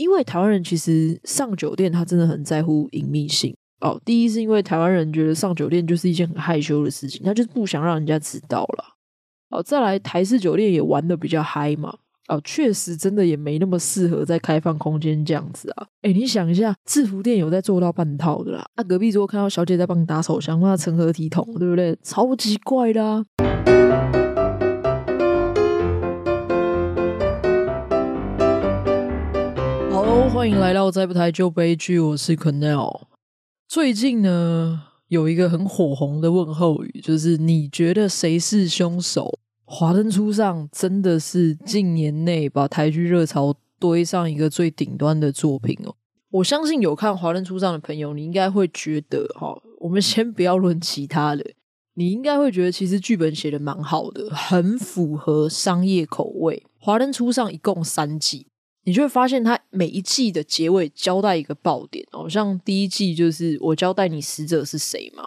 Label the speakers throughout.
Speaker 1: 因為台灣人其實上酒店，他真的很在乎隱秘性哦。第一是因為台灣人覺得上酒店就是一件很害羞的事情，他就是不想讓人家知道啦。哦，再來台式酒店也玩得比較嗨嘛，哦，確實真的也沒那麼適合在開放空間這樣子啊。哎，你想一下，制服店有在做到半套的啦，那、啊、隔壁桌看到小姐在幫你打手槍，那成何體統，對不對？超級怪的啊！歡迎來到再不台就悲劇，我是 Quennel。最近呢，有一個很火紅的問候語，就是“你覺得誰是凶手？”《華燈初上》真的是近年內把台劇熱潮堆上一個最頂端的作品哦。我相信有看《華燈初上》的朋友，你應該會覺得哈，我們先不要論其他的，你應該會覺得其實劇本寫得蠻好的，很符合商業口味。《華燈初上》一共三季。你就會發現，他每一季的結尾交代一個爆點哦，像第一季就是我交代你死者是誰嘛，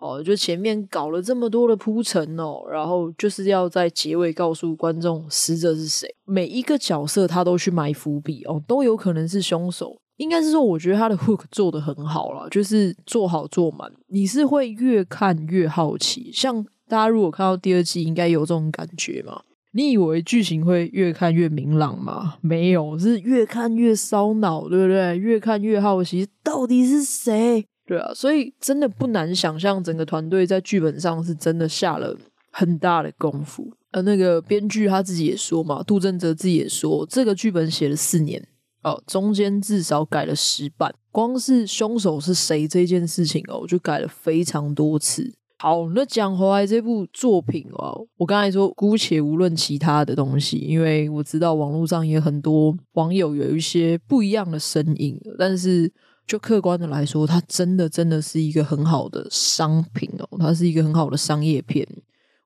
Speaker 1: 哦，就前面搞了這麼多的鋪陳哦，然後就是要在結尾告訴觀眾死者是誰，每一個角色他都去埋伏筆哦，都有可能是凶手，應該是說我覺得他的 hook 做得很好啦，就是做好做滿，你是會越看越好奇，像大家如果看到第二季，應該有這種感覺嘛。你以為劇情會越看越明朗嗎？沒有，是越看越燒腦，對不對？越看越好奇，到底是誰？對啊，所以真的不難想象，整個團隊在劇本上是真的下了很大的功夫。呃，那個編劇他自己也說嘛，杜政哲自己也說，這個劇本寫了四年，哦，中間至少改了十版，光是凶手是誰這件事情哦，就改了非常多次。好，那講回來這部作品哦，我剛才說姑且無論其他的東西，因為我知道網絡上也很多網友有一些不一樣的聲音，但是就客觀的來說，它真的真的是一個很好的商品哦，它是一個很好的商業片，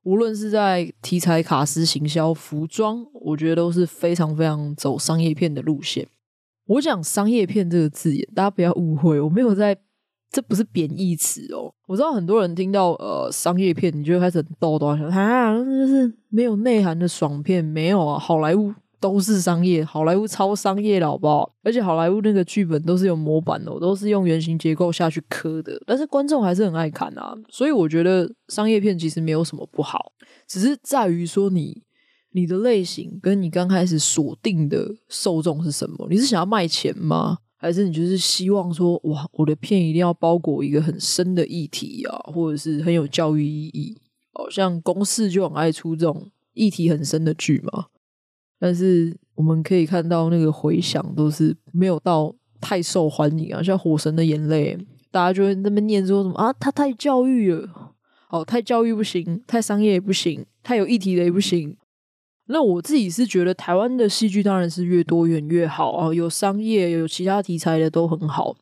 Speaker 1: 無論是在題材、卡司、行銷、服裝，我覺得都是非常非常走商業片的路線。我講商業片這個字眼，大家不要誤會，我沒有在。這不是貶義詞哦，我知道很多人聽到呃商業片，你就會開始很叨叨，想啊，這就是沒有內涵的爽片。沒有啊，好萊塢都是商業，好萊塢超商業的，好不好？而且好萊塢那個劇本都是有模板哦，都是用原型結構下去磕的，但是觀眾還是很愛看啊，所以我覺得商業片其實沒有什麼不好，只是在於說你你的類型跟你剛開始鎖定的受眾是什麼？你是想要賣錢嗎？還是你就是希望說，哇，我的片一定要包裹一個很深的議題啊，或者是很有教育意義，好、哦、像公視就很愛出這種議題很深的劇嘛。但是我們可以看到那個回響都是沒有到太受歡迎啊，像《火神的眼淚》，大家就會在那邊念說什麼啊，他太教育了，哦，太教育不行，太商業也不行，太有議題的也不行。那我自己是覺得，台灣的戲劇當然是越多元越、越好啊！有商業、有其他題材的都很好。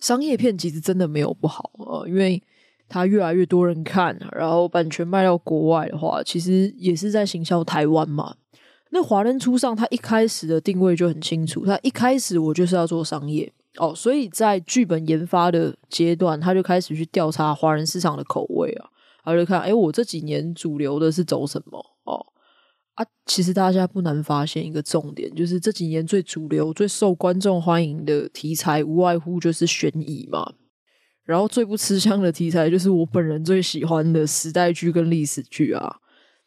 Speaker 1: 商業片其實真的沒有不好、啊、因為它越來越多人看、啊，然後版權賣到國外的話，其實也是在行銷台灣嘛。那華燈初上，它一開始的定位就很清楚，它一開始我就是要做商業哦，所以在劇本研發的階段，他就開始去調查華人市場的口味啊，他就看哎，我這幾年主流的是走什麼哦。啊，其實大家不難發現一個重點，就是這幾年最主流、最受觀眾歡迎的題材，無外乎就是懸疑嘛。然後最不吃香的題材，就是我本人最喜歡的時代劇跟歷史劇啊。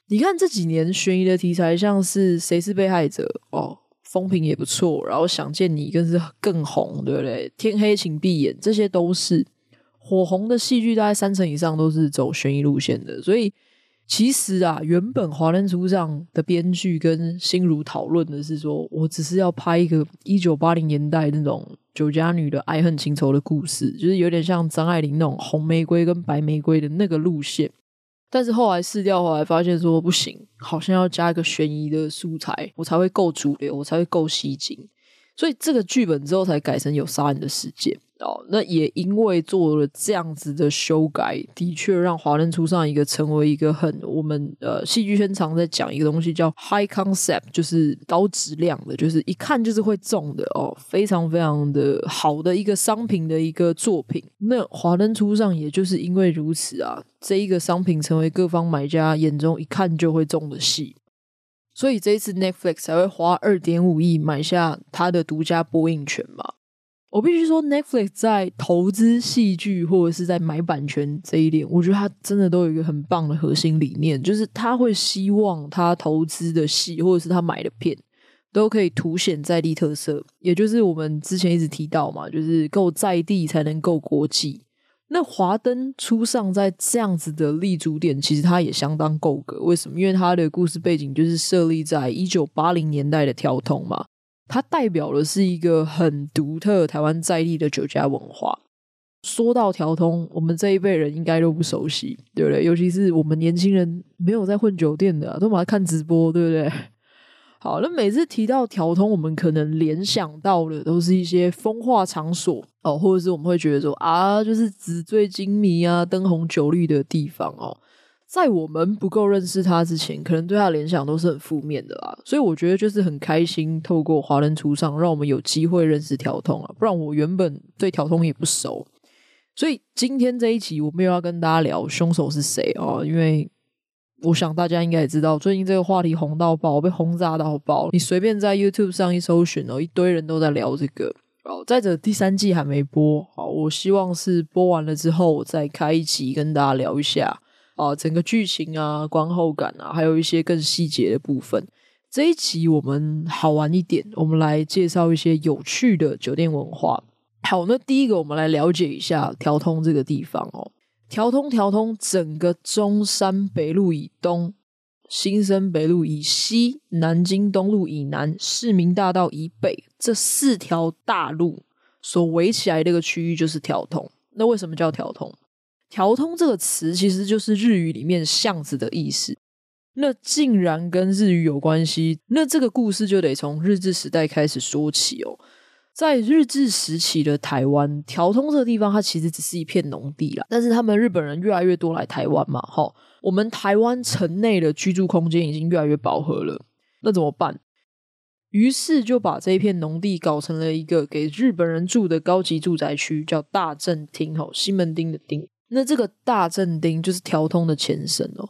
Speaker 1: 你看這幾年懸疑的題材，像是《誰是被害者》哦，風評也不錯。然後《想見你》更是更紅，對不對？《天黑請閉眼》這些都是火紅的戲劇，大概三成以上都是走懸疑路線的，所以。其實啊，原本華燈初上的編劇跟心如討論的是說，我只是要拍一個一九八零年代那種酒家女的愛恨情仇的故事，就是有點像張愛玲那種紅玫瑰跟白玫瑰的那個路線。但是後來試掉後來發現說不行，好像要加一個懸疑的素材，我才會夠主流，我才會夠吸睛。所以這個劇本之後才改成有殺人的事件。哦，那也因為做了這樣子的修改，的確讓《華燈初上》一個成為一個很我們呃戲劇圈常在講一個東西叫 high concept，就是高質量的，就是一看就是會中的哦，非常非常的好的一個商品的一個作品。那《華燈初上》也就是因為如此啊，這一個商品成為各方買家眼中一看就會中的戲，所以這一次 Netflix 才會花二點五億買下它的獨家播映權嘛。我必須說，Netflix 在投資戲劇或者是在買版權這一點，我覺得它真的都有一個很棒的核心理念，就是它會希望它投資的戲或者是它買的片都可以凸顯在地特色，也就是我們之前一直提到嘛，就是夠在地才能夠國際。那華燈初上在這樣子的立足點，其實它也相當夠格。為什麼？因為它的故事背景就是設立在一九八零年代的條通嘛。它代表的是一個很獨特台灣在地的酒家文化。說到條通，我們這一輩人應該都不熟悉，對不對？尤其是我們年輕人沒有在混酒店的、啊，都馬上看直播，對不對？好，那每次提到條通，我們可能聯想到的都是一些風化場所哦，或者是我們會覺得說啊，就是紙醉金迷啊、燈紅酒綠的地方哦。在我們不夠認識他之前，可能對他的聯想都是很負面的啦，所以我覺得就是很開心，透過《華燈初上》讓我們有機會認識條通啊。不然我原本對條通也不熟，所以今天這一集我沒有要跟大家聊凶手是誰哦，因為我想大家應該也知道，最近這個話題紅到爆，被轟炸到爆。你隨便在 YouTube 上一搜尋哦，一堆人都在聊這個。好、哦，再者第三季還沒播，好，我希望是播完了之後再開一集跟大家聊一下。啊，整個劇情啊，觀後感啊，還有一些更細節的部分。這一集我們好玩一點，我們來介紹一些有趣的酒店文化。好，那第一個我們來了解一下條通這個地方哦。條通，條通，整個中山北路以東、新生北路以西、南京東路以南、市民大道以北，這四條大路所圍起來的一個區域就是條通。那為什麼叫條通？條通這個詞其實就是日語裡面巷子的意思。那竟然跟日語有關係，那這個故事就得從日治時代開始說起哦。在日治時期的台灣，條通這個地方它其實只是一片農地啦。但是他們日本人越來越多來台灣嘛，吼，我們台灣城內的居住空間已經越來越飽和了，那怎麼辦？於是就把這一片農地搞成了一個給日本人住的高級住宅區，叫大正町，吼，西門町的町。那這個大正町就是條通的前身哦，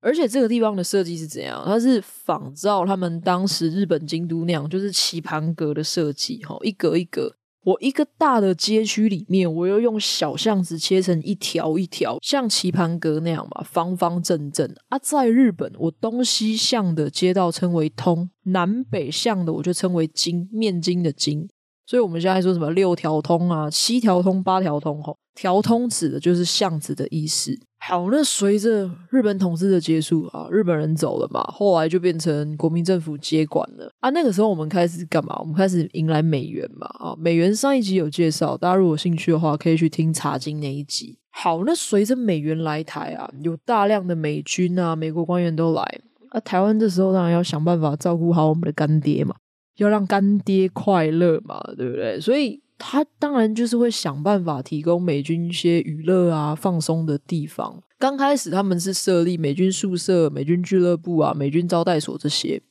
Speaker 1: 而且這個地方的設計是怎樣？它是仿照他們當時日本京都那樣，就是棋盤格的設計哈，一格一格。我一個大的街區裡面，我又用小巷子切成一條一條，像棋盤格那樣嘛，方方正正啊。在日本，我東西向的街道稱為通，南北向的我就稱為町，面町的町。所以我們現在還說什麼六條通啊，七條通、八條通吼，條通指的就是巷子的意思。好，那隨着日本統治的結束啊，日本人走了嘛，後來就變成國民政府接管了啊。那個時候我們開始幹嘛？我們開始迎來美援嘛啊！美援上一集有介紹，大家如果興趣的話，可以去聽茶金那一集。好，那隨着美援來台啊，有大量的美軍啊，美國官員都來啊。台灣這時候當然要想辦法照顧好我們的乾爹嘛。要讓乾爹快樂嘛，對不對？所以他當然就是會想辦法提供美軍一些娛樂啊、放鬆的地方。剛開始他們是設立美軍宿舍、美軍俱樂部啊、美軍招待所這些。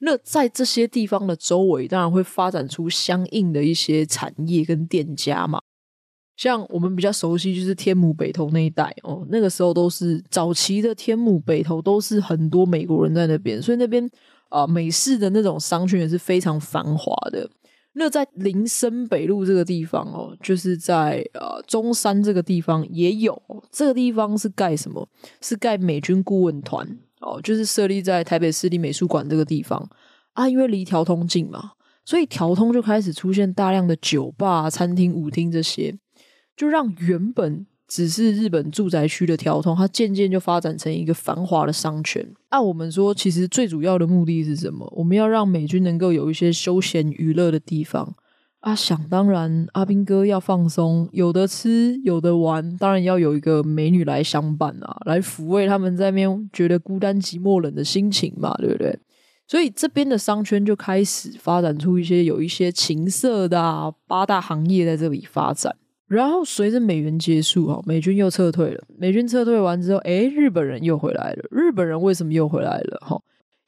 Speaker 1: 那在這些地方的周圍，當然會發展出相應的一些產業跟店家嘛。像我們比較熟悉，就是天母北投那一帶哦。那個時候都是早期的天母北投，都是很多美國人在那邊，所以那邊。啊、呃，美式的那種商圈也是非常繁華的。那在林森北路這個地方哦，就是在呃中山這個地方也有。這個地方是蓋什麼？是蓋美軍顧問團哦,就是設立在台北市立美術館這個地方。啊，因為離條通近嘛，所以條通就開始出現大量的酒吧、餐廳、舞廳這些，就讓原本。只是日本住宅區的條通，它漸漸就發展成一個繁華的商圈。按、啊、我們說，其實最主要的目的是什麼？我們要讓美軍能夠有一些休閒娛樂的地方啊！想當然，阿兵哥要放鬆，有的吃，有的玩，當然要有一個美女來相伴啊，來撫慰他們在那邊覺得孤單寂寞冷的心情嘛，對不對？所以這邊的商圈就開始發展出一些有一些情色的、啊、八大行業在這裡發展。然後隨着美元結束，哦，美軍又撤退了。美軍撤退完之後，誒，日本人又回來了。日本人為什麼又回來了？哈，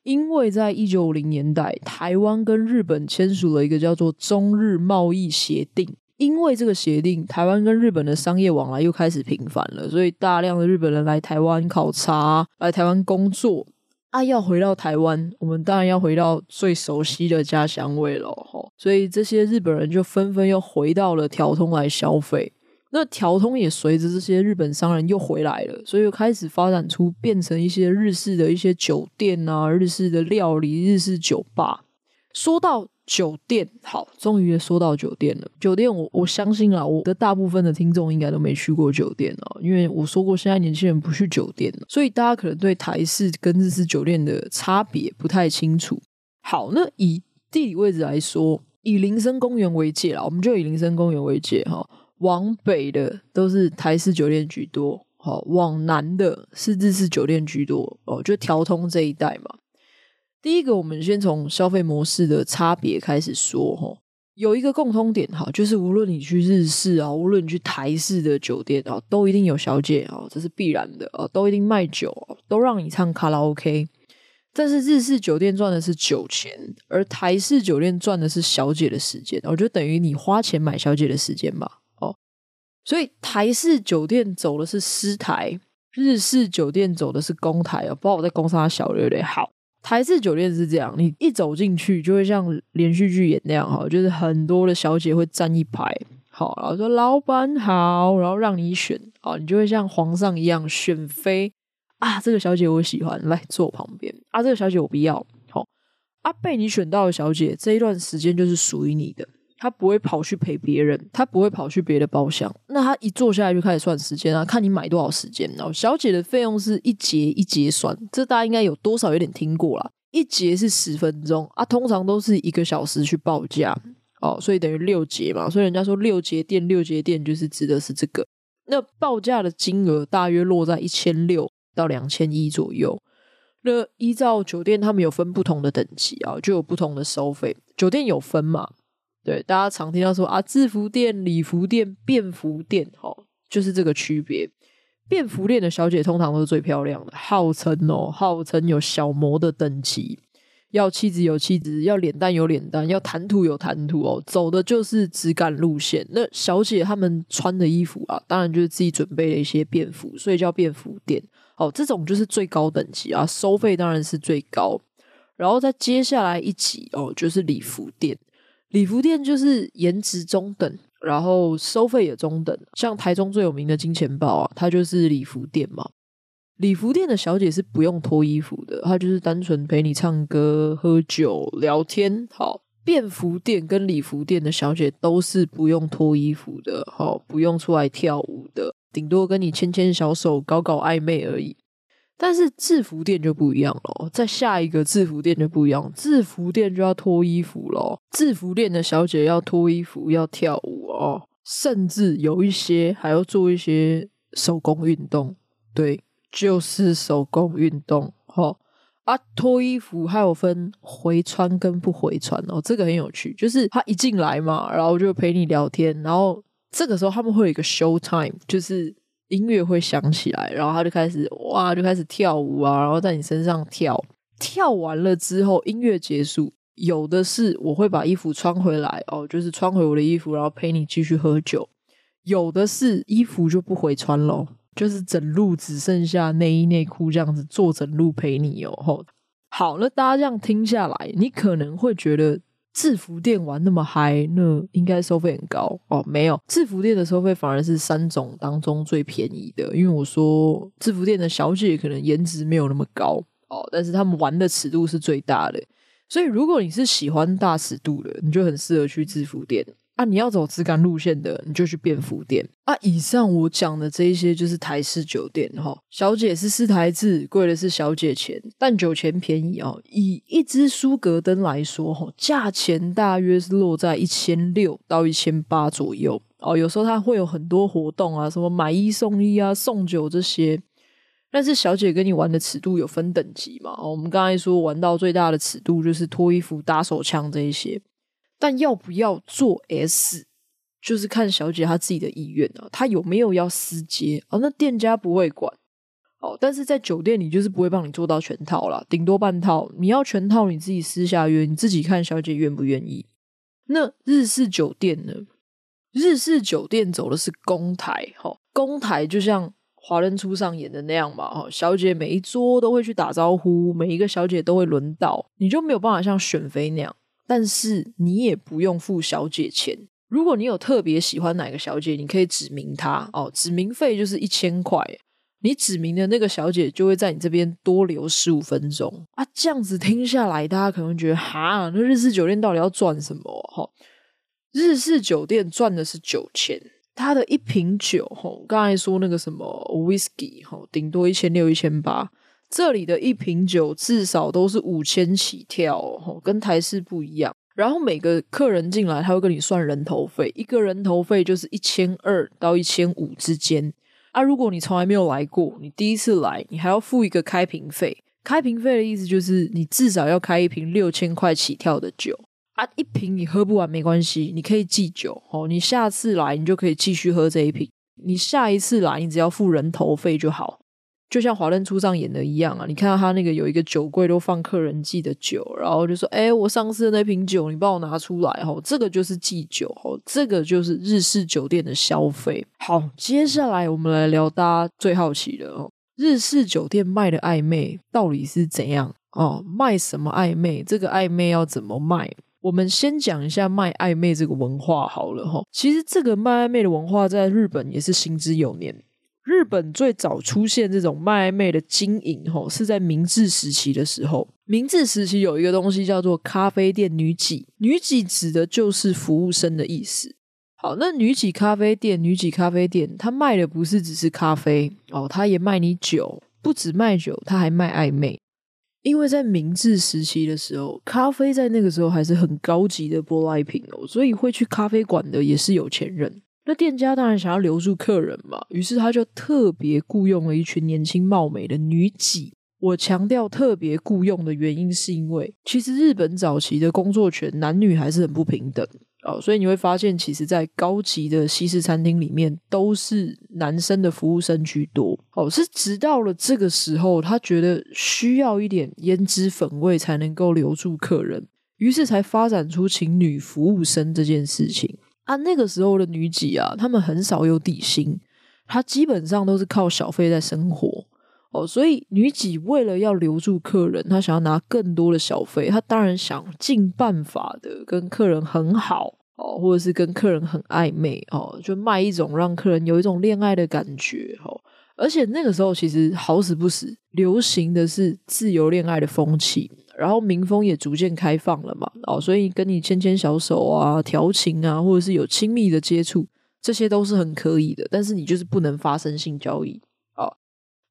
Speaker 1: 因為在一九五零年代，台灣跟日本簽署了一個叫做《中日貿易協定》。因為這個協定，台灣跟日本的商業往來又開始頻繁了，所以大量的日本人來台灣考察，來台灣工作。啊，要回到台灣，我們當然要回到最熟悉的家鄉味了吼。所以這些日本人就紛紛又回到了條通來消費，那條通也隨着這些日本商人又回來了，所以又開始發展出變成一些日式的一些酒店啊，日式的料理，日式酒吧。說到酒店，好，終於說到酒店了。酒店我，我我相信啦，我的大部分的聽眾應該都沒去過酒店哦，因為我說過，現在年輕人不去酒店了，所以大家可能對台式跟日式酒店的差別不太清楚。好，那以地理位置來說，以林森公園為界啦，我們就以林森公園為界哈，往北的都是台式酒店居多，好，往南的是日式酒店居多哦，就條通這一帶嘛。第一個，我們先從消費模式的差別開始說哈。有一個共通點哈，就是無論你去日式啊，無論你去台式的酒店啊，都一定有小姐哦，這是必然的啊。都一定賣酒，都讓你唱卡拉 OK。但是日式酒店賺的是酒錢，而台式酒店賺的是小姐的時間。我覺得等於你花錢買小姐的時間吧。哦，所以台式酒店走的是私台，日式酒店走的是公台。哦，不知道我在工三小的有點好。台式酒店是這樣，你一走進去就會像連續劇演那樣哈，就是很多的小姐會站一排，好，然後說老闆好，然後讓你選啊，你就會像皇上一樣選妃啊，這個小姐我喜歡，來坐我旁邊啊，這個小姐我不要，好，啊，被你選到的小姐這一段時間就是屬於你的。他不會跑去陪別人，他不會跑去別的包廂。那他一坐下來就開始算時間啊，看你買多少時間哦。小姐的費用是一節一節算，這大家應該有多少有點聽過啦。一節是十分鐘啊，通常都是一個小時去報價哦，所以等於六節嘛。所以人家說六節店，六節店就是指的是這個。那報價的金額大約落在一千六到兩千一左右。那依照酒店，他們有分不同的等級啊、哦，就有不同的收費。酒店有分嘛？對，大家常聽到說啊，制服店、禮服店、便服店，哦，就是這個區別。便服店的小姐通常都是最漂亮的，號稱哦，號稱有小模的等級，要氣質有氣質，要臉蛋有臉蛋，要談吐有談吐哦，走的就是質感路線。那小姐她們穿的衣服啊，當然就是自己準備了一些便服，所以叫便服店。哦，這種就是最高等級啊，收費當然是最高。然後再接下來一級哦，就是禮服店。禮服店就是顏值中等，然後收費也中等。像台中最有名的金錢豹啊，它就是禮服店嘛。禮服店的小姐是不用脫衣服的，她就是單純陪你唱歌、喝酒、聊天。好，便服店跟禮服店的小姐都是不用脫衣服的，好，不用出來跳舞的，頂多跟你牽牽小手、搞搞曖昧而已。但是製服店就不一樣了哦，在下一個製服店就不一樣，製服店就要脫衣服了哦，製服店的小姐要脫衣服，要跳舞哦，甚至有一些還要做一些手工運動。對，就是手工運動哦。啊，脫衣服還有分回穿跟不回穿哦，這個很有趣。就是他一進來嘛，然後就陪你聊天，然後這個時候他們會有一個 show time，就是。音樂會響起來，然後，他就開始哇，就開始跳舞啊，然後在你身上跳。跳完了之後，音樂結束，有的是我會把衣服穿回來哦，就是穿回我的衣服，然後陪你繼續喝酒。有的是衣服就不回穿了，就是整路只剩下內衣內褲這樣子，坐整路陪你哦。哦好，那，大家這樣聽下來，你可能會覺得。制服店玩那麼嗨，那應該收費很高哦？沒有，制服店的收費反而是三種當中最便宜的，因為我說制服店的小姐可能顏值沒有那麼高哦，但是他們玩的尺度是最大的。所以如果你是喜歡大尺度的，你就很適合去制服店。啊，你要走質感路線的，你就去便服店。啊，以上我講的這一些就是台式酒店哈。小姐是四台字，貴的是小姐錢，但酒錢便宜哦。以一支蘇格登來說，吼，價錢大約是落在一千六到一千八左右哦。有時候他會有很多活動啊，什麼買一送一啊，送酒這些。但是小姐跟你玩的尺度有分等級嘛。我們剛才說玩到最大的尺度就是脫衣服、打手槍這一些。但要不要做 S，就是看小姐她自己的意願哦、啊。她有沒有要私接啊、哦？那店家不會管哦。但是在酒店裡，就是不會幫你做到全套啦，頂多半套。你要全套，你自己私下約，你自己看小姐願不願意。那日式酒店呢？日式酒店走的是公台，哈、哦，公台就像《華燈初上》演的那樣嘛，哈、哦，小姐每一桌都會去打招呼，每一個小姐都會輪到，你就沒有辦法像選妃那樣。但是你也不用付小姐錢。如果你有特別喜歡哪個小姐，你可以指名她哦，指名費就是一千塊。你指名的那個小姐就會在你這邊多留十五分鐘啊。這樣子聽下來，大家可能覺得哈，那日式酒店到底要賺什麼？哦，日式酒店賺的是酒錢，它的一瓶酒，哈、哦，剛才說那個什麼 whisky，哈、哦哦，頂多一千六、一千八。這裡的一瓶酒至少都是五千起跳哦，跟台式不一樣。然後每個客人進來，他會跟你算人頭費，一個人頭費就是一千二到一千五之間。啊，如果你從來沒有來過，你第一次來，你還要付一個開瓶費。開瓶費的意思就是你至少要開一瓶六千塊起跳的酒。啊，一瓶你喝不完沒關係，你可以寄酒哦。你下次來，你就可以繼續喝這一瓶。你下一次來，你只要付人頭費就好。就像《華燈初上》演的一樣啊，你看到他那個有一個酒櫃，都放客人寄的酒，然後就說：“哎、欸，我上次的那瓶酒，你幫我拿出來吼、哦，這個就是寄酒哈、哦，這個就是日式酒店的消費。好，接下來我們來聊大家最好奇的哦，日式酒店賣的曖昧到底是怎樣哦，賣什麼曖昧？這個曖昧要怎麼賣？我們先講一下賣曖昧這個文化好了吼、哦，其實這個賣曖昧的文化在日本也是行之有年。日本最早出現這種賣曖昧的經營，是在明治時期的時候。明治時期有一個東西叫做咖啡店女給，女給指的就是服務生的意思。好，那女給咖啡店，女給咖啡店，她賣的不是只是咖啡哦，她也賣你酒，不止賣酒，她還賣曖昧。因為在明治時期的時候，咖啡在那個時候還是很高級的舶來品哦，所以會去咖啡館的也是有錢人。那店家當然想要留住客人嘛，於是他就特別僱傭了一群年輕貌美的女給。我強調特別僱傭的原因，是因為其實日本早期的工作權男女還是很不平等哦，所以你會發現，其實，在高級的西式餐廳裡面，都是男生的服務生居多哦。是直到了這個時候，他覺得需要一點胭脂粉味才能夠留住客人，於是才發展出請女服務生這件事情。啊，那個時候的女給啊，她們很少有底薪，她基本上都是靠小費在生活哦，所以女給為了要留住客人，她想要拿更多的小費，她當然想盡辦法的跟客人很好哦，或者是跟客人很曖昧哦，就賣一種讓客人有一種戀愛的感覺哦，而且那個時候其實好死不死流行的是自由戀愛的風氣。然後民風也逐漸開放了嘛，哦，所以跟你牽牽小手啊、調情啊，或者是有親密的接觸，這些都是很可以的。但是你就是不能發生性交易，哦。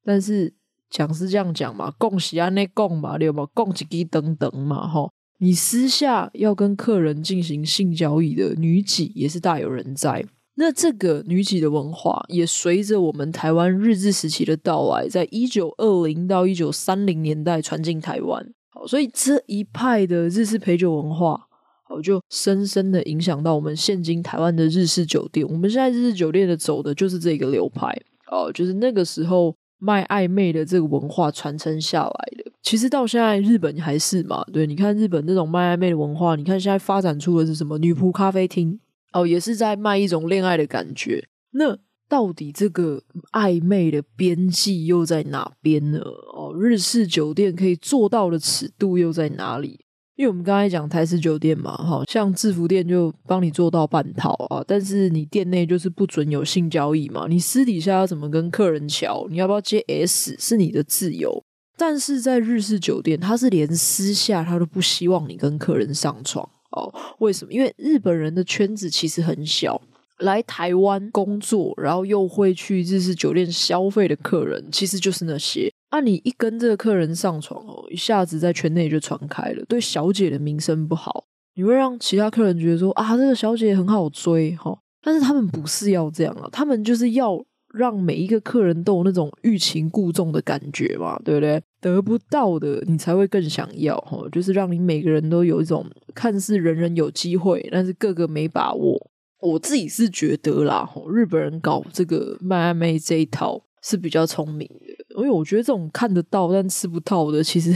Speaker 1: 但是講是這樣講嘛，共喜啊那共嘛，你有沒有共幾幾等等嘛，哈、哦。你私下要跟客人進行性交易的女給也是大有人在。那這個女給的文化也隨着我們台灣日治時期的到來，在一九二零到一九三零年代傳進台灣。好，所以這一派的日式陪酒文化，好，就深深的影響到我們現今台灣的日式酒店。我們現在日式酒店的走的就是這個流派，哦，就是那個時候賣曖昧的這個文化傳承下來的。其實到現在日本還是嘛，對，你看日本這種賣曖昧的文化，你看現在發展出的是什麼女僕咖啡廳，哦，也是在賣一種戀愛的感覺。那到底這個曖昧的邊際又在哪邊呢？哦，日式酒店可以做到的尺度又在哪裡？因為我們剛才講台式酒店嘛，哈，像制服店就幫你做到半套啊，但是你店內就是不准有性交易嘛，你私底下要怎麼跟客人喬，你要不要接 S 是你的自由，但是在日式酒店，他是連私下他都不希望你跟客人上床哦。為什麼？因為日本人的圈子其實很小。來台灣工作，然後又會去日式酒店消費的客人，其實就是那些啊。你一跟這個客人上床哦，一下子在圈內就傳開了，對小姐的名聲不好。你會讓其他客人覺得說啊，這、這個小姐很好追哈。但是他們不是要這樣啊，他們就是要讓每一個客人都有那種欲擒故縱的感覺嘛，對不對？得不到的你才會更想要哈，就是讓你每個人都有一種看似人人有機會，但是個個沒把握。我自己是覺得啦，吼，日本人搞這個賣曖昧這一套是比較聰明的，因為我覺得這種看得到但吃不到的，其實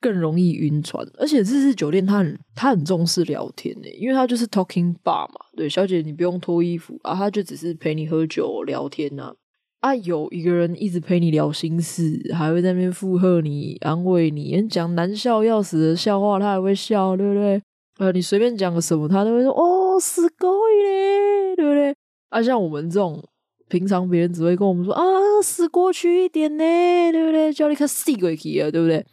Speaker 1: 更容易暈船。而且日式酒店他很他很重視聊天誒，因為他就是 talking bar 嘛，對，小姐你不用脫衣服，啊，他就只是陪你喝酒聊天吶、啊，啊，有一個人一直陪你聊心事，還會在那邊附和你、安慰你，連講難笑要死的笑話，他還會笑，對不對？呃、啊，你隨便講個什麼，他都會說哦。死鬼嘞，對不對？啊，像我們這種平常別人只會跟我們說啊，死過去一點呢。對不對？叫你看死鬼皮啊，對不對？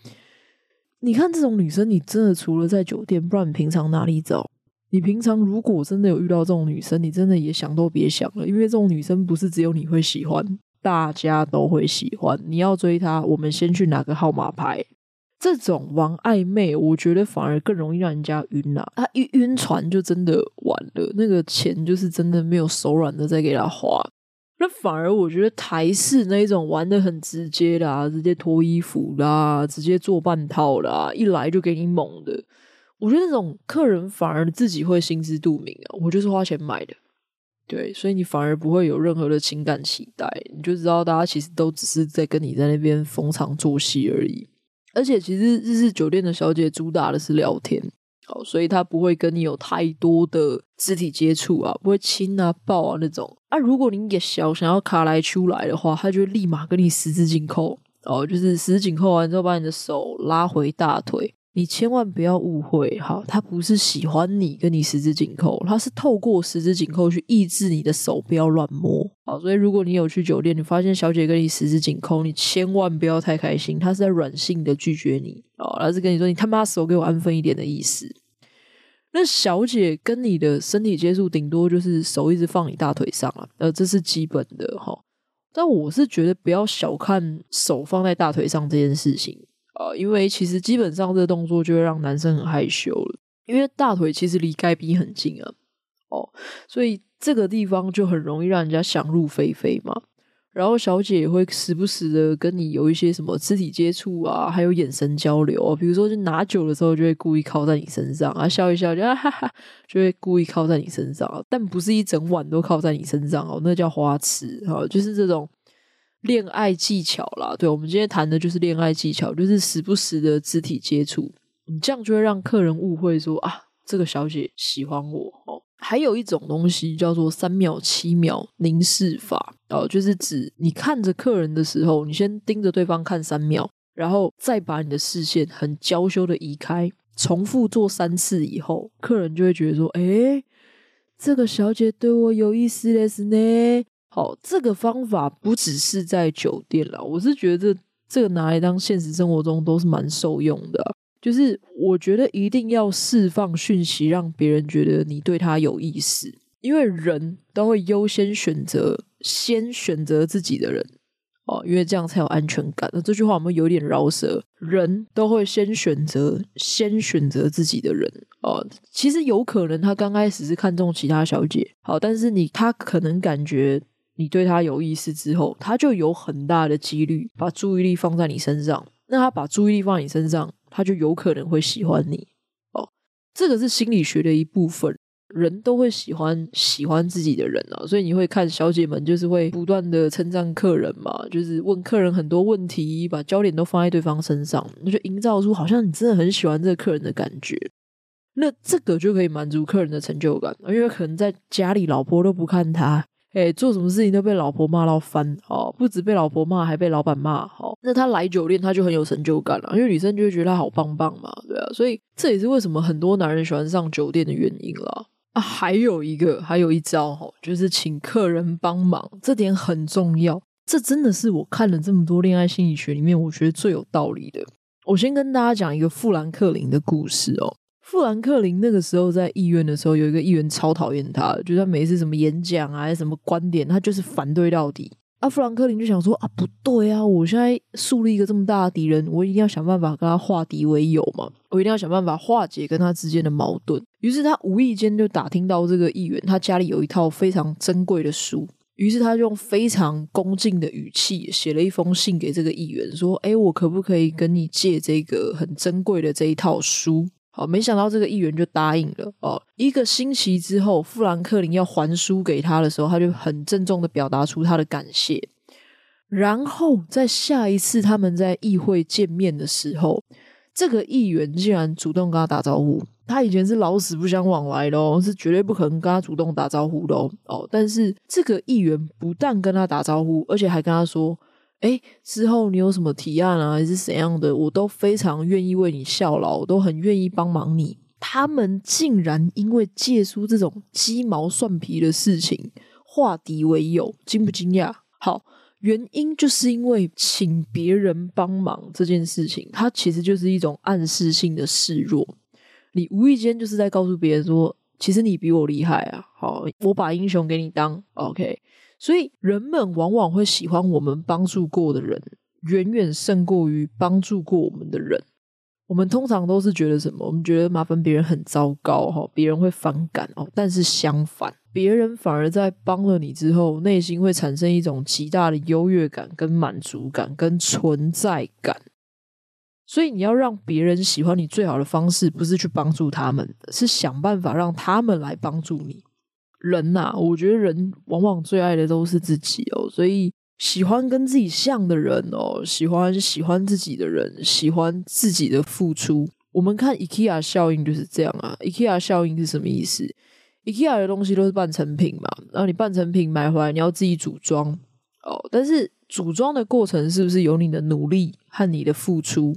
Speaker 1: 你看這種女生，你真的除了在酒店，不然你平常哪裡找？你平常如果真的有遇到這種女生，你真的也想都別想了，因為這種女生不是只有你會喜歡，大家都會喜歡。你要追她，我們先去拿個號碼牌。這種玩曖昧，我覺得反而更容易讓人家暈啊！他、啊、一暈船就真的完了，那個錢就是真的沒有手軟的在給他花。那反而我覺得台式那一種玩得很直接啦、啊，直接脫衣服啦、啊，直接做半套啦、啊，一來就給你猛的。我覺得那種客人反而自己會心知肚明啊，我就是花錢買的，對，所以你反而不會有任何的情感期待，你就知道大家其實都只是在跟你在那邊逢場作戲而已。而且其實日式酒店的小姐主打的是聊天，哦，所以她不會跟你有太多的肢體接觸啊，不會親啊、抱啊那種。啊，如果你也想想要卡來出來的話，她就會立馬跟你十指緊扣哦，就是十指緊扣完之後，把你的手拉回大腿。你千萬不要誤會，哈，他不是喜歡你跟你十指緊扣，他是透過十指緊扣去抑制你的手，不要亂摸，啊。所以如果你有去酒店，你發現小姐跟你十指緊扣，你千萬不要太開心，他是在軟性的拒絕你，啊，他是跟你說你他媽手給我安分一點的意思。那小姐跟你的身體接觸，頂多就是手一直放你大腿上啊，呃，這是基本的哈。但我是覺得不要小看手放在大腿上這件事情。啊、呃，因為其實基本上這個動作就會讓男生很害羞了，因為大腿其實離該邊很近啊，哦，所以這個地方就很容易讓人家想入非非嘛。然後小姐也會時不時的跟你有一些什麼肢體接觸啊，還有眼神交流，哦，比如說就拿酒的時候就會故意靠在你身上啊，笑一笑就，啊，哈哈，就會故意靠在你身上，但不是一整晚都靠在你身上哦，那叫花痴哈，哦，就是這種。戀愛技巧啦，對，我們今天談的就是戀愛技巧，就是時不時的肢體接觸，你這樣就會讓客人誤會說啊，這個小姐喜歡我哦。還有一種東西叫做三秒七秒凝視法，哦，就是指你看着客人的時候，你先盯着對方看三秒，然後再把你的視線很嬌羞的移開，重複做三次以後，客人就會覺得說，哎，這個小姐對我有意思ですね。哦，這個方法不只是在酒店了，我是覺得這個拿來當現實生活中都是蠻受用的啊。就是我覺得一定要釋放訊息，讓別人覺得你對他有意思，因為人都會優先選擇先選擇自己的人哦，因為這樣才有安全感。那這句話我們有，有點饒舌，人都會先選擇先選擇自己的人哦。其實有可能他剛開始是看中其他小姐，好，但是你他可能感覺。你對他有意思之後，他就有很大的幾率把注意力放在你身上。那他把注意力放在你身上，他就有可能會喜歡你哦。這個是心理學的一部分，人都會喜歡喜歡自己的人哦、啊。所以你會看小姐們就是會不斷的稱讚客人嘛，就是問客人很多問題，把焦點都放在對方身上，那就營造出好像你真的很喜歡這個客人的感覺。那這個就可以滿足客人的成就感，因為可能在家裡老婆都不看他。哎、欸，做什麼事情都被老婆罵到翻哦，不止被老婆罵，還被老板罵齁。那他來酒店，他就很有成就感了、啊，因為女生就會覺得他好棒棒嘛，對啊。所以這也是為什麼很多男人喜歡上酒店的原因了啊。還有一個，還有一招齁、哦，就是請客人幫忙，這點很重要。這真的是我看了這麼多戀愛心理學裡面，我覺得最有道理的。我先跟大家講一個富蘭克林的故事哦。富蘭克林那個時候在議院的時候，有一個議員超討厭他，就是他每一次什麼演講啊、什麼觀點，他就是反對到底。啊，富蘭克林就想說：啊，不對啊，我現在樹立一個這麼大的敵人，我一定要想辦法跟他化敵為友嘛，我一定要想辦法化解跟他之間的矛盾。於是他無意間就打聽到這個議員，他家裡有一套非常珍貴的書，於是他就用非常恭敬的語氣寫了一封信給這個議員，說：誒，我可不可以跟你借這個很珍貴的這一套書？哦，沒想到這個議員就答應了。哦，一個星期之後，富蘭克林要還書給他的時候，他就很鄭重的表達出他的感謝。然後在下一次他們在議會見面的時候，這個議員竟然主動跟他打招呼。他以前是老死不相往來的哦，是絕對不可能跟他主動打招呼的哦。哦，但是這個議員不但跟他打招呼，而且還跟他說。哎，之後你有什麼提案啊，還是怎樣的，我都非常願意為你效勞，我都很願意幫忙你。他們竟然因為借書這種雞毛蒜皮的事情化敵為友，驚不驚訝？嗯、好，原因就是因為請別人幫忙這件事情，它其實就是一種暗示性的示弱，你無意間就是在告訴別人說，其實你比我厲害啊。好，我把英雄給你當 OK。所以，人們往往會喜歡我們幫助過的人，遠遠勝過於幫助過我們的人。我們通常都是覺得什麼？我們覺得麻煩別人很糟糕，別人會反感，但是相反，別人反而在幫了你之後，內心會產生一種極大的優越感、跟滿足感、跟存在感。所以，你要讓別人喜歡你，最好的方式不是去幫助他們，是想辦法讓他們來幫助你。人吶、啊，我覺得人往往最愛的都是自己哦，所以喜歡跟自己像的人哦，喜歡喜歡自己的人，喜歡自己的付出。我們看 IKEA 效應就是這樣啊，IKEA 效應是什麼意思？IKEA 的東西都是半成品嘛，然後你半成品買回來，你要自己組裝哦。但是組裝的過程是不是有你的努力和你的付出？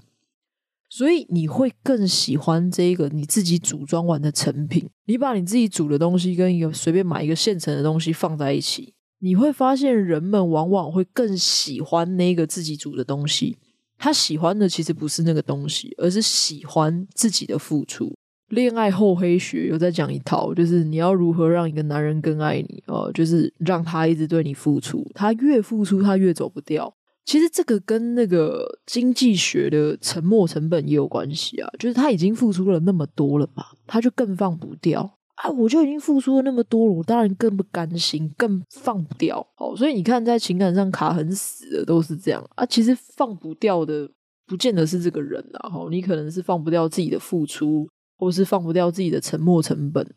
Speaker 1: 所以你會更喜歡這一個你自己組裝完的成品。你把你自己煮的東西跟一個隨便買一個現成的東西放在一起，你會發現人們往往會更喜歡那個自己煮的東西。他喜歡的其實不是那個東西，而是喜歡自己的付出。戀愛厚黑學又在講一套，就是你要如何讓一個男人更愛你，呃，就是讓他一直對你付出。他越付出，他越走不掉。其實這個跟那個經濟學的沉沒成本也有關係啊，就是他已經付出了那麼多了嘛，他就更放不掉啊。我就已經付出了那麼多了，我當然更不甘心，更放不掉。好，所以你看，在情感上卡很死的都是這樣啊。其實放不掉的，不見得是這個人啊，吼，你可能是放不掉自己的付出，或是放不掉自己的沉沒成本。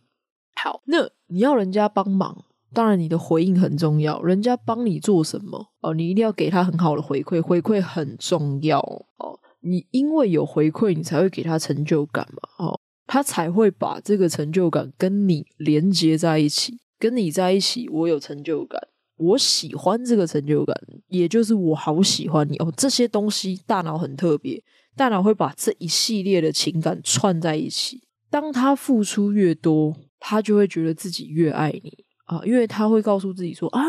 Speaker 1: 好，那你要人家幫忙。當然，你的回應很重要。人家幫你做什麼哦，你一定要給他很好的回饋，回饋很重要哦。你因為有回饋，你才會給他成就感嘛，哦，他才會把這個成就感跟你連接在一起，跟你在一起，我有成就感，我喜歡這個成就感，也就是我好喜歡你哦。這些東西，大腦很特別，大腦會把這一系列的情感串在一起。當他付出越多，他就會覺得自己越愛你。啊，因為他會告訴自己說啊，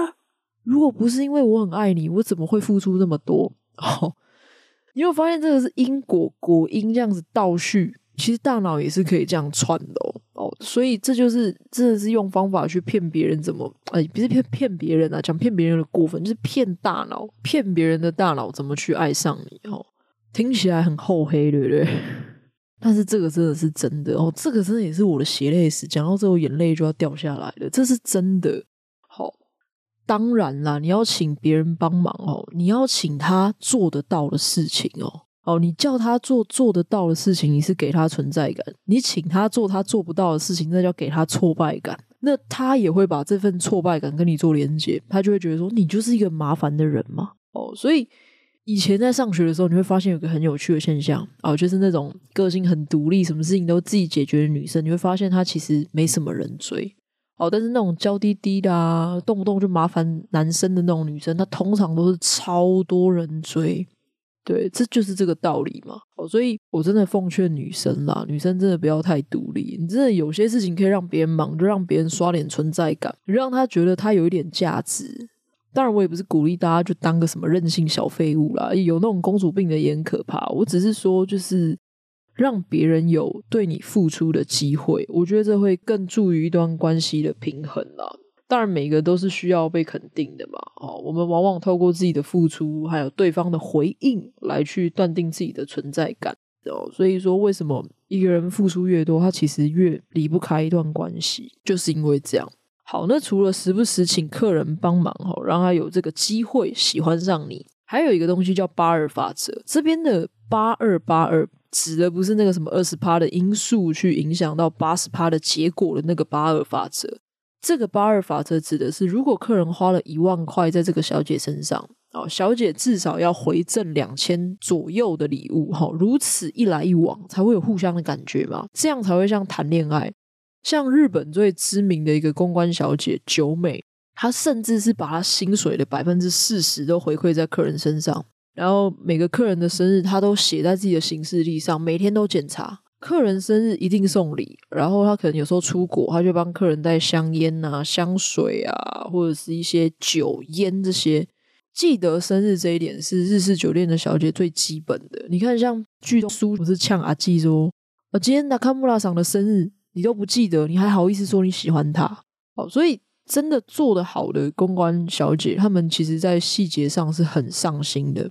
Speaker 1: 如果不是因為我很愛你，我怎麼會付出那麼多？哦，你有發現這個是因果果因這樣子倒序，其實大腦也是可以這樣串的哦。哦，所以這就是真的是用方法去騙別人怎麼，哎，不是騙騙別人啊，講騙別人的過分，就是騙大腦，騙別人的大腦怎麼去愛上你哦？聽起來很厚黑，對不對？但是這個真的是真的哦，這個真的也是我的血淚史。講到最後眼淚就要掉下來了，這是真的。好，哦，當然啦，你要請別人幫忙哦，你要請他做得到的事情哦。哦，你叫他做做得到的事情，你是給他存在感；你請他做他做不到的事情，那叫給他挫敗感。那他也會把這份挫敗感跟你做連結，他就會覺得說你就是一個麻煩的人嘛。哦，所以。以前在上學的時候，你會發現有個很有趣的現象哦，就是那種個性很獨立、什麼事情都自己解決的女生，你會發現她其實沒什麼人追哦。但是那種嬌滴滴的、動不動就麻煩男生的那種女生，她通常都是超多人追。對，這就是這個道理嘛。哦，所以我真的奉勸女生啦，女生真的不要太獨立。你真的有些事情可以讓別人忙，就讓別人刷點存在感，你讓她覺得她有一點價值。當然，我也不是鼓勵大家就當個什麼任性小廢物啦，有那種公主病的也很可怕。我只是說，就是讓別人有對你付出的機會，我覺得這會更助於一段關係的平衡啦。當然，每個都是需要被肯定的嘛。哦，我們往往透過自己的付出，還有對方的回應來去斷定自己的存在感哦。所以說，為什麼一個人付出越多，他其實越離不開一段關係，就是因為這樣。好，那除了時不時請客人幫忙哈，讓他有這個機會喜歡上你，還有一個東西叫八二法則。這邊的八二八二指的不是那個什麼二十趴的因素去影響到八十趴的結果的那個八二法則，這個八二法則指的是，如果客人花了一萬塊在這個小姐身上哦，小姐至少要回贈兩千左右的禮物哈，如此一來一往才會有互相的感覺嘛，這樣才會像談戀愛。像日本最知名的一個公關小姐九美，她甚至是把她薪水的百分之四十都回饋在客人身上。然後每個客人的生日，她都寫在自己的行事曆上，每天都檢查。客人生日一定送禮。然後她可能有時候出國，她就幫客人帶香菸啊、香水啊，或者是一些酒菸這些。記得生日這一點是日式酒店的小姐最基本的。你看，像劇中蘇不是嗆阿季說：“我今天納卡木拉賞的生日。”你都不記得，你還好意思說你喜歡他？哦，所以真的做得好的公關小姐，他們其實在細節上是很上心的，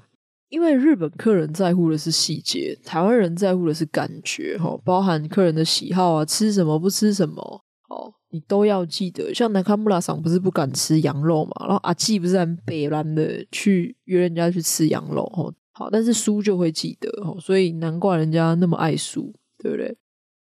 Speaker 1: 因為日本客人在乎的是細節，台灣人在乎的是感覺，包含客人的喜好啊，吃什麼不吃什麼，哦，你都要記得。像南康布拉桑不是不敢吃羊肉嘛，然後阿季不是很北爛的去約人家去吃羊肉，好，但是蘇就會記得，哦，所以難怪人家那麼愛蘇，對不對？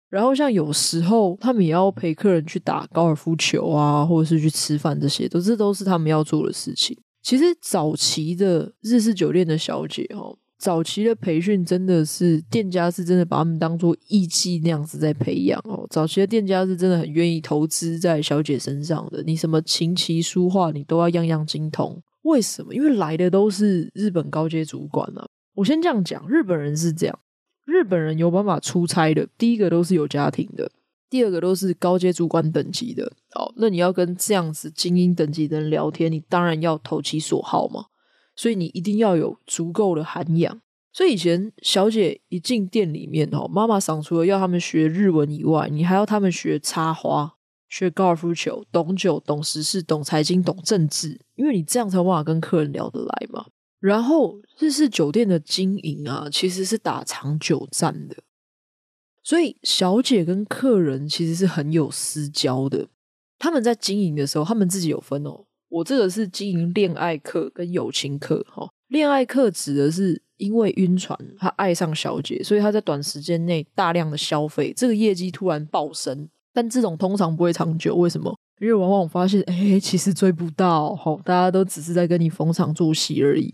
Speaker 1: 然後像有時候他們也要陪客人去打高爾夫球啊，或者是去吃飯，這些都這都是他們要做的事情。其實早期的日式酒店的小姐哦，早期的培訓真的是店家是真的把他們當做藝伎那樣子在培養哦。早期的店家是真的很願意投資在小姐身上的，你什麼琴棋書畫你都要樣樣精通。為什麼？因為來的都是日本高階主管啊。我先這樣講，日本人是這樣。日本人有辦法出差的，第一個都是有家庭的，第二個都是高階主管等級的。好，那你要跟這樣子精英等級的人聊天，你當然要投其所好嘛。所以你一定要有足夠的涵養。所以以前小姐一進店裡面，哦，媽媽桑除了要他們學日文以外，你還要他們學插花、學高爾夫球、懂酒、懂時事、懂財經、懂政治，因為你這樣才有辦法跟客人聊得來嘛。然後日式酒店的經營啊，其實是打長久戰的，所以小姐跟客人其實是很有私交的。他們在經營的時候，他們自己有分哦。我這個是經營戀愛客跟友情客哈。戀愛客指的是因為暈船，他愛上小姐，所以他在短時間內大量的消費，這個業績突然暴升。但這種通常不會長久，為什麼？因為往往發現，誒，其實追不到，哈，大家都只是在跟你逢場作戲而已。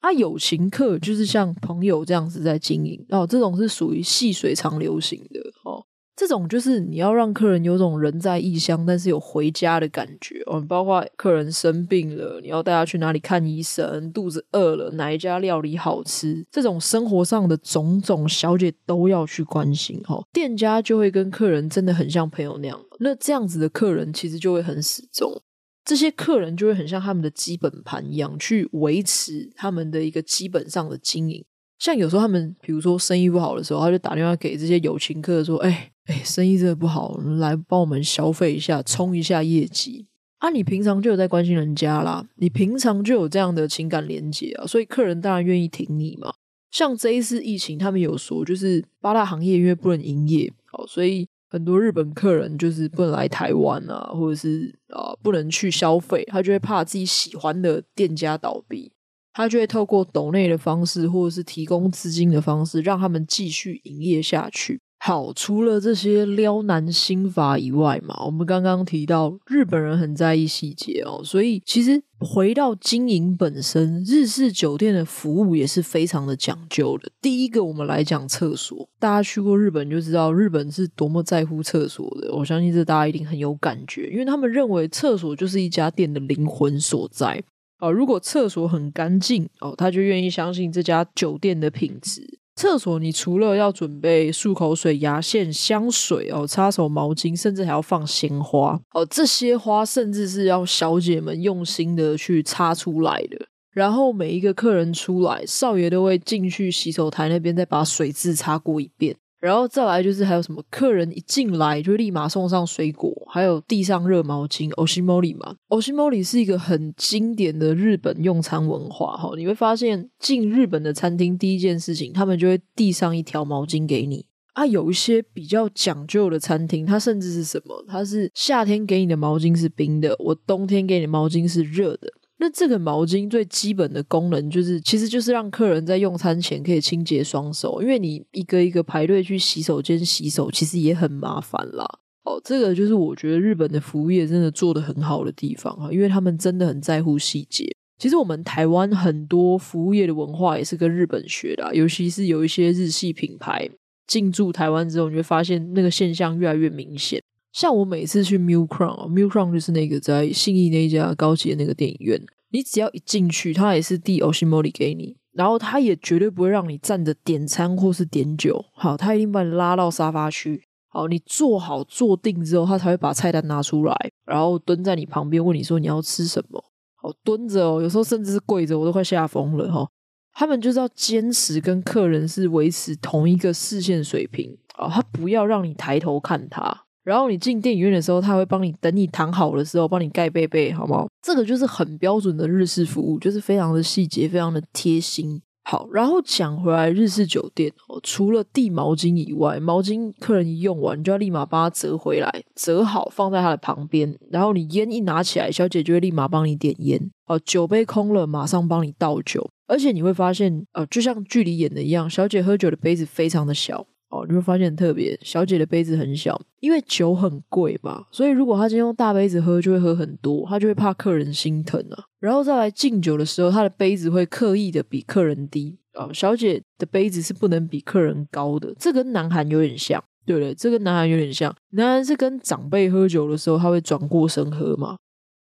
Speaker 1: 啊，友情客就是像朋友這樣子在經營，哦，這種是屬於細水長流型的，哈、哦。這種就是你要讓客人有種人在異鄉，但是有回家的感覺哦。包括客人生病了，你要帶他去哪裡看醫生；肚子餓了，哪一家料理好吃？這種生活上的種種，小姐都要去關心哦，店家就會跟客人真的很像朋友那樣。那這樣子的客人其實就會很死忠，這些客人就會很像他們的基本盤一樣去維持他們的一個基本上的經營。像有時候他們，比如說生意不好的時候，他就打電話給這些友情客說：“哎、欸。”哎，生意真的不好，來幫我們消費一下，衝一下業績啊！你平常就有在關心人家啦，你平常就有這樣的情感連接啊，所以客人當然願意挺你嘛。像這一次疫情，他們有說就是八大行業因為不能營業，哦，所以很多日本客人就是不能來台灣啊，或者是啊，呃，不能去消費，他就會怕自己喜歡的店家倒閉，他就會透過斗內的方式或者是提供資金的方式，讓他們繼續營業下去。好，除了這些撩男心法以外嘛，我們剛剛提到日本人很在意細節哦，所以其實回到經營本身，日式酒店的服務也是非常的講究的。第一個，我們來講廁所，大家去過日本就知道日本是多麼在乎廁所的。我相信這大家一定很有感覺，因為他們認為廁所就是一家店的靈魂所在。哦，如果廁所很乾淨哦，他就願意相信這家酒店的品質。廁所，你除了要準備漱口水、牙線、香水哦，擦手毛巾，甚至還要放鮮花哦。這些花甚至是要小姐們用心的去插出來的。然後每一個客人出來，少爺都會進去洗手台那邊再把水漬擦過一遍。然後再來就是還有什麼客人一進來就立馬送上水果，還有遞上熱毛巾，Oshimori 嘛，Oshimori 是一個很經典的日本用餐文化哈。你會發現進日本的餐廳第一件事情，他們就會遞上一條毛巾給你啊。有一些比較講究的餐廳，它甚至是什麼？它是夏天給你的毛巾是冰的，我冬天給你的毛巾是熱的。那這個毛巾最基本的功能就是，其實就是讓客人在用餐前可以清潔雙手，因為你一個一個排隊去洗手間洗手，其實也很麻煩啦。哦，這個就是我覺得日本的服務業真的做得很好的地方哈，因為他們真的很在乎細節。其實我們台灣很多服務業的文化也是跟日本學的，尤其是有一些日系品牌進駐台灣之後，你會發現那個現象越來越明顯。像我每次去 Mulchon 啊，Mulchon 就是那個在信義那家高級的那個電影院，你只要一進去，他也是遞 Oshimori 給你，然後他也絕對不會讓你站着點餐或是點酒，好，他一定把你拉到沙發區，好，你坐好坐定之後，他才會把菜單拿出來，然後蹲在你旁邊問你說你要吃什麼，好，蹲着哦，有時候甚至是跪着，我都快嚇瘋了哈哦。他們就是要堅持跟客人是維持同一個視線水平啊，他不要讓你抬頭看他。然後你進電影院的時候，他會幫你等你躺好的時候，幫你蓋被被，好不好？這個就是很標準的日式服務，就是非常的細節，非常的貼心。好，然後講回來，日式酒店哦，除了遞毛巾以外，毛巾客人一用完，你就要立馬把它折回來，折好放在他的旁邊。然後你菸一拿起來，小姐就會立馬幫你點菸哦。酒杯空了，馬上幫你倒酒。而且你會發現，呃，就像劇裡演的一樣，小姐喝酒的杯子非常的小。哦，你會發現很特別。小姐的杯子很小，因為酒很貴嘛，所以如果她今天用大杯子喝，就會喝很多，她就會怕客人心疼啊。然後再來敬酒的時候，她的杯子會刻意的比客人低啊。哦，小姐的杯子是不能比客人高的，這跟南韓有點像，對不對？這跟南韓有點像。南韓是跟長輩喝酒的時候，他會轉過身喝嘛。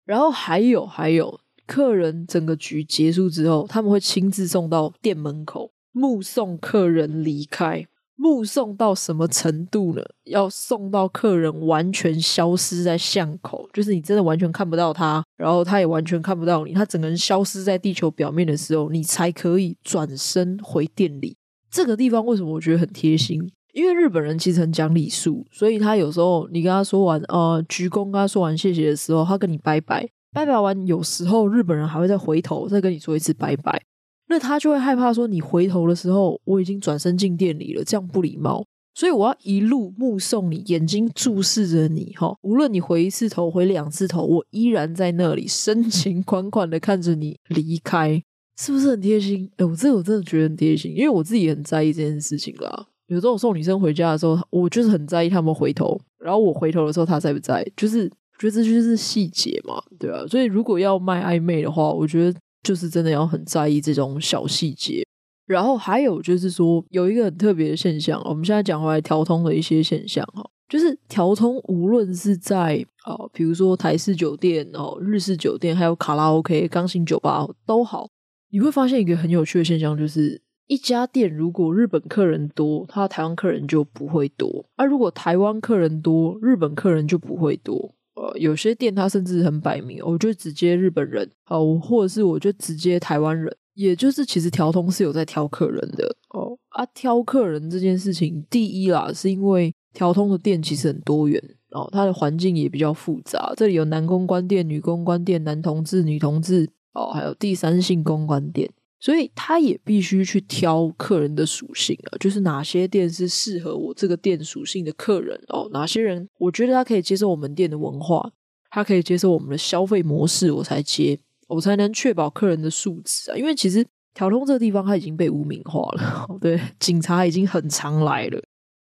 Speaker 1: 然後還有還有，客人整個局結束之後，他們會親自送到店門口，目送客人離開。目送到什麼程度呢？要送到客人完全消失在巷口，就是你真的完全看不到他，然後他也完全看不到你，他整個人消失在地球表面的時候，你才可以轉身回店裡。這個地方為什麼我覺得很貼心？因為日本人其實很講禮數，所以他有時候你跟他說完呃鞠躬，跟他說完謝謝的時候，他跟你拜拜。拜拜完，有時候日本人還會再回頭再跟你說一次拜拜。那他就會害怕說你回頭的時候，我已經轉身進店裡了，這樣不禮貌。所以我要一路目送你，眼睛注視着你哈。無論你回一次頭、回兩次頭，我依然在那裡深情款款的看着你離開，是不是很貼心？哎、欸，我這個我真的覺得很貼心，因為我自己也很在意這件事情啦。有時候我送女生回家的時候，我就是很在意他們回頭，然後我回頭的時候他在不在，就是我覺得這就是細節嘛，對吧、啊？所以如果要賣曖昧的話，我覺得。就是真的要很在意這種小細節，然後還有就是說有一個很特別的現象，我們現在講回來調通的一些現象哈，就是調通無論是在呃，比如說台式酒店哦、日式酒店，還有卡拉 OK、鋼琴酒吧都好，你會發現一個很有趣的現象，就是一家店如果日本客人多，他台灣客人就不會多；而如果台灣客人多，日本客人就不會多。呃、有些店他甚至很擺明，我、哦、就只接日本人，好、哦，或者是我就只接台灣人，也就是其實條通是有在挑客人的哦啊，挑客人這件事情，第一啦，是因為條通的店其實很多元，哦，它的環境也比較複雜，這裡有男公關店、女公關店、男同志、女同志，哦，還有第三性公關店。所以他也必須去挑客人的屬性啊，就是哪些店是適合我這個店屬性的客人哦，哪些人我覺得他可以接受我們店的文化，他可以接受我們的消費模式，我才接，我才能確保客人的素質啊。因為其實條通這個地方它已經被污名化了，哦，對，警察已經很常來了，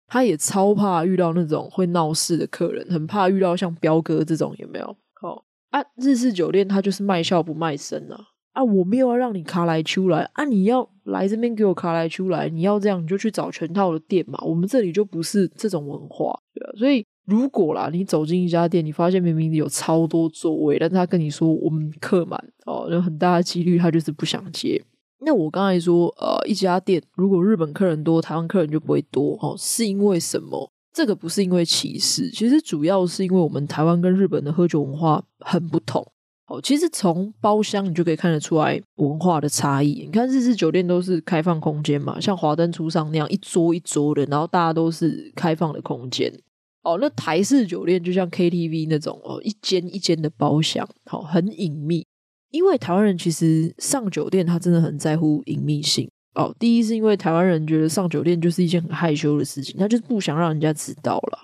Speaker 1: 他也超怕遇到那種會鬧事的客人，很怕遇到像彪哥這種有沒有？好、哦、啊，日式酒店他就是賣笑不賣身啊。啊，我沒有要讓你卡來出來啊！你要來這邊給我卡來出來，你要這樣你就去找全套的店嘛。我們這裡就不是這種文化，對啊。所以如果啦，你走進一家店，你發現明明有超多座位，但是他跟你說我們客滿哦，有很大的幾率他就是不想接。那我剛才說，呃，一家店如果日本客人多，台灣客人就不會多哦，是因為什麼？這個不是因為歧視，其實主要是因為我們台灣跟日本的喝酒文化很不同。其實從包廂你就可以看得出來文化的差異。你看日式酒店都是開放空間嘛，像華燈初上那樣一桌一桌的，然後大家都是開放的空間。哦，那台式酒店就像 KTV 那種哦，一間一間的包廂。好很隱秘。因為台灣人其實上酒店他真的很在乎隱秘性。哦，第一是因為台灣人覺得上酒店就是一件很害羞的事情，他就是不想讓人家知道了。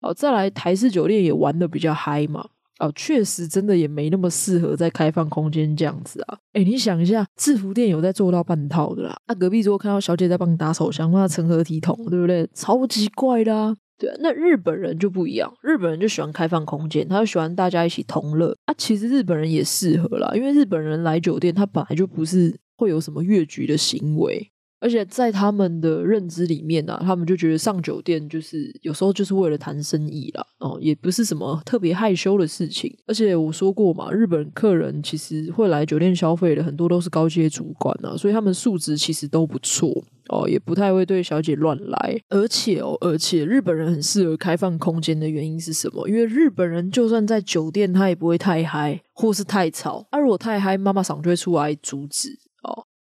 Speaker 1: 哦，再來台式酒店也玩得比較嗨嘛。哦，確實，真的也沒那麼適合在開放空間這樣子啊。哎、欸，你想一下，製服店有在做到半套的啦。那、啊、隔壁桌看到小姐在幫你打手槍，那成何體統，對不對？超級怪的啊。對啊，那日本人就不一樣，日本人就喜歡開放空間，他就喜歡大家一起同樂啊。其實日本人也適合啦，因為日本人來酒店，他本來就不是會有什麼越局的行為。而且在他們的認知裡面啊，他們就覺得上酒店就是有時候就是為了談生意啦，哦，也不是什麼特別害羞的事情。而且我說過嘛，日本客人其實會來酒店消費的很多都是高階主管啊，所以他們素質其實都不錯，哦，也不太會對小姐亂來。而且哦，而且日本人很適合開放空間的原因是什麼？因為日本人就算在酒店，他也不會太嗨或是太吵。他、啊、如果太嗨，媽媽桑就會出來阻止。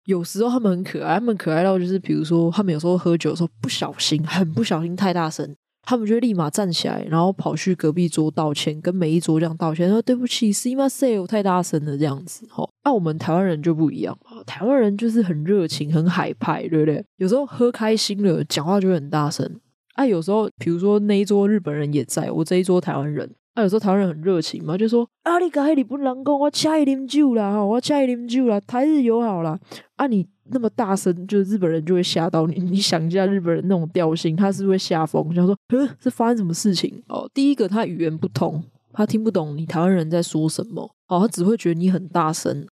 Speaker 1: 有時候他們很可愛，他們可愛到就是，比如說他們有時候喝酒的時候不小心，很不小心太大聲，他們就立馬站起來，然後跑去隔壁桌道歉，跟每一桌這樣道歉，說對不起，是因為我笑太大聲了這樣子哦。那、哦啊、我們台灣人就不一樣嘛，台灣人就是很熱情，很海派，對不對？有時候喝開心了，講話就會很大聲。啊，有時候比如說那一桌日本人也在我這一桌台灣人。那、啊、有時候台灣人很熱情嘛，就說啊，你嘎你不能夠我差掐一點酒啦，我差掐一點酒啦，台日友好啦。啊，你那麼大聲，就是、日本人就會嚇到你。你想一下，日本人那種調性，他是，不是會嚇瘋，想說，哼，是發生什麼事情哦？第一個，他語言不通，他聽不懂你台灣人在說什麼，哦，他只會覺得你很大聲，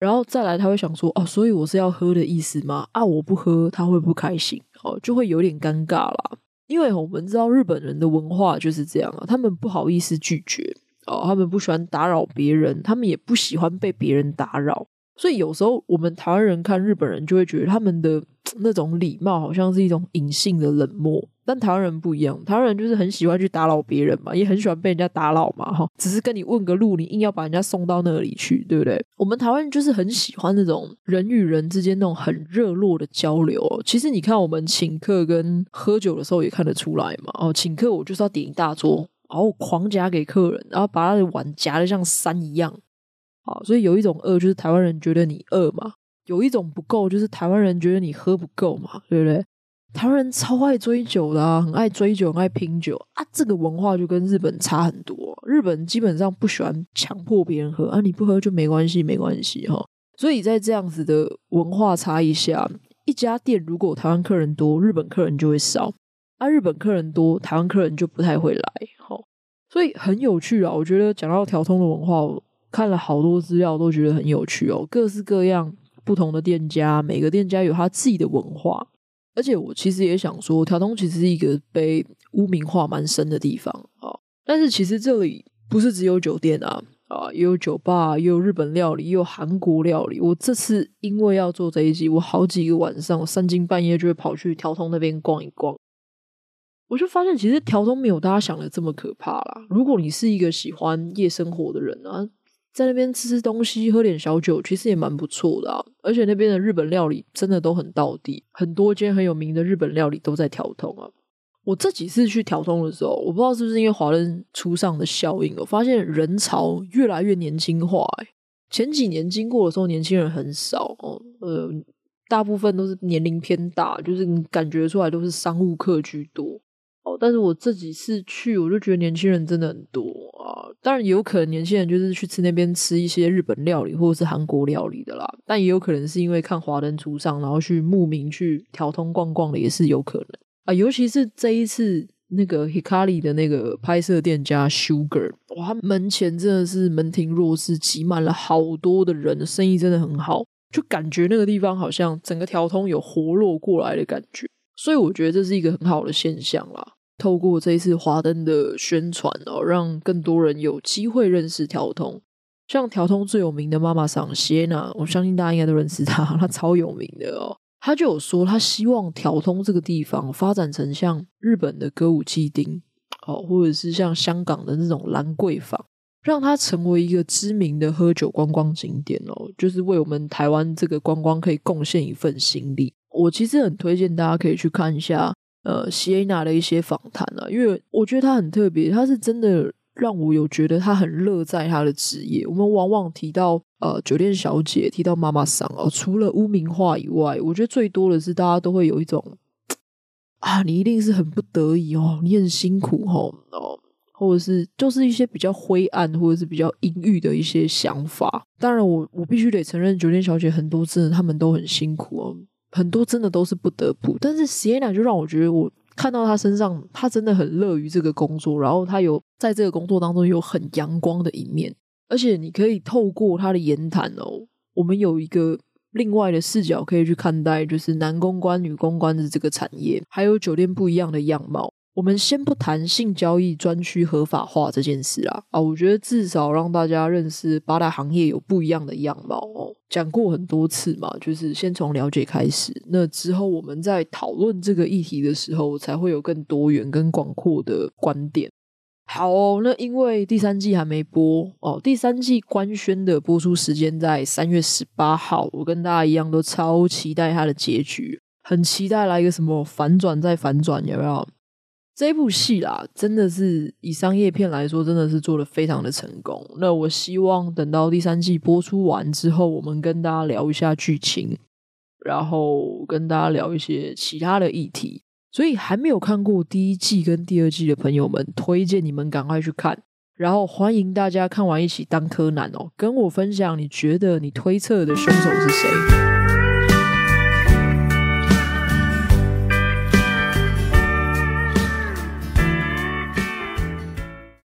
Speaker 1: 然後再來他會想說，哦，所以我是要喝的意思嗎？啊，我不喝，他會不開心，哦，就會有點尷尬啦。因為我們知道日本人的文化就是這樣啊，他們不好意思拒絕哦，他們不喜歡打擾別人，他們也不喜歡被別人打擾，所以有時候我們台灣人看日本人就會覺得他們的。那種禮貌好像是一種隱性的冷漠，但台灣人不一樣，台灣人就是很喜歡去打擾別人嘛，也很喜歡被人家打擾嘛，哈，只是跟你問個路，你硬要把人家送到那裡去，對不對？我們台灣人就是很喜歡那種人與人之間那種很熱絡的交流。其實你看我們請客跟喝酒的時候也看得出來嘛，哦，請客我就是要點一大桌，然後我狂夾給客人，然後把他的碗夾得像山一樣，啊，所以有一種餓就是台灣人覺得你餓嘛。有一種不夠，就是台灣人覺得你喝不夠嘛，對不對？台灣人超愛追酒的，啊，很愛追酒，很愛拼酒啊。這個文化就跟日本差很多。日本基本上不喜歡強迫別人喝啊，你不喝就沒關係，沒關係哈。所以在這樣子的文化差異下，一家店如果台灣客人多，日本客人就會少啊。日本客人多，台灣客人就不太會來。齁，所以很有趣啊。我覺得講到條通的文化，看了好多資料，都覺得很有趣哦，喔，各式各樣。不同的店家，每個店家有他自己的文化，而且我其實也想說，條通其實是一個被污名化蠻深的地方啊，哦。但是其實這裡不是只有酒店啊，啊，也有酒吧，也有日本料理，也有韓國料理。我這次因為要做這一集，我好幾個晚上，我三更半夜就會跑去條通那邊逛一逛，我就發現其實條通沒有大家想的這麼可怕啦。如果你是一個喜歡夜生活的人啊。在那邊吃吃東西，喝點小酒，其實也蠻不錯的啊。而且那邊的日本料理真的都很到底，很多間很有名的日本料理都在調通啊。我這幾次去調通的時候，我不知道是不是因為華人初上的效應，我發現人潮越來越年輕化，欸。前幾年經過的時候，年輕人很少哦，呃，大部分都是年齡偏大，就是你感覺出來都是商務客居多哦。但是我這幾次去，我就覺得年輕人真的很多。啊、呃，當然也有可能年輕人就是去吃那邊吃一些日本料理或者是韓國料理的啦，但也有可能是因為看華燈初上，然後去慕名去條通逛逛的也是有可能啊、呃。尤其是這一次那個 Hikari 的那個拍攝店家 Sugar，哇，他門前真的是門庭若市，擠滿了好多的人，生意真的很好，就感覺那個地方好像整個條通有活絡過來的感覺，所以我覺得這是一個很好的現象啦。透過這一次華燈的宣傳哦，讓更多人有機會認識條通。像條通最有名的媽媽桑 Sienna, 我相信大家應該都認識他，他超有名的哦。他就有說，他希望條通這個地方發展成像日本的歌舞伎町，哦，或者是像香港的那種蘭桂坊，讓它成為一個知名的喝酒觀光景點哦，就是為我們台灣這個觀光可以貢獻一份心力。我其實很推薦大家可以去看一下。呃，謝娜的一些訪談啊，因為我覺得她很特別，她是真的讓我有覺得她很樂在她的職業。我們往往提到呃酒店小姐，提到媽媽桑哦，除了污名化以外，我覺得最多的是大家都會有一種啊，你一定是很不得已哦，你很辛苦哦，哦，或者是就是一些比較灰暗或者是比較陰鬱的一些想法。當然我，我我必須得承認，酒店小姐很多次他們都很辛苦哦。很多真的都是不得不，但是 Sienna 就讓我覺得，我看到他身上，他真的很樂於這個工作，然後他有在這個工作當中有很陽光的一面，而且你可以透過他的言談哦，我們有一個另外的視角可以去看待，就是男公關、女公關的這個產業，還有酒店不一樣的樣貌。我們先不談性交易專區合法化這件事啊，啊，我覺得至少讓大家認識八大行業有不一樣的樣貌哦。講過很多次嘛，就是先從了解開始，那之後我們在討論這個議題的時候，才會有更多元跟廣闊的觀點。好哦，那因為第三季還沒播哦，第三季官宣的播出時間在三月十八號，我跟大家一樣都超期待它的結局，很期待來一個什麼反轉再反轉，有沒有？這部戲啦，真的是以商業片來說，真的是做得非常的成功。那我希望等到第三季播出完之後，我們跟大家聊一下劇情，然後跟大家聊一些其他的議題。所以還沒有看過第一季跟第二季的朋友們，推薦你們趕快去看。然後歡迎大家看完一起當柯南哦，跟我分享你覺得你推測的兇手是誰？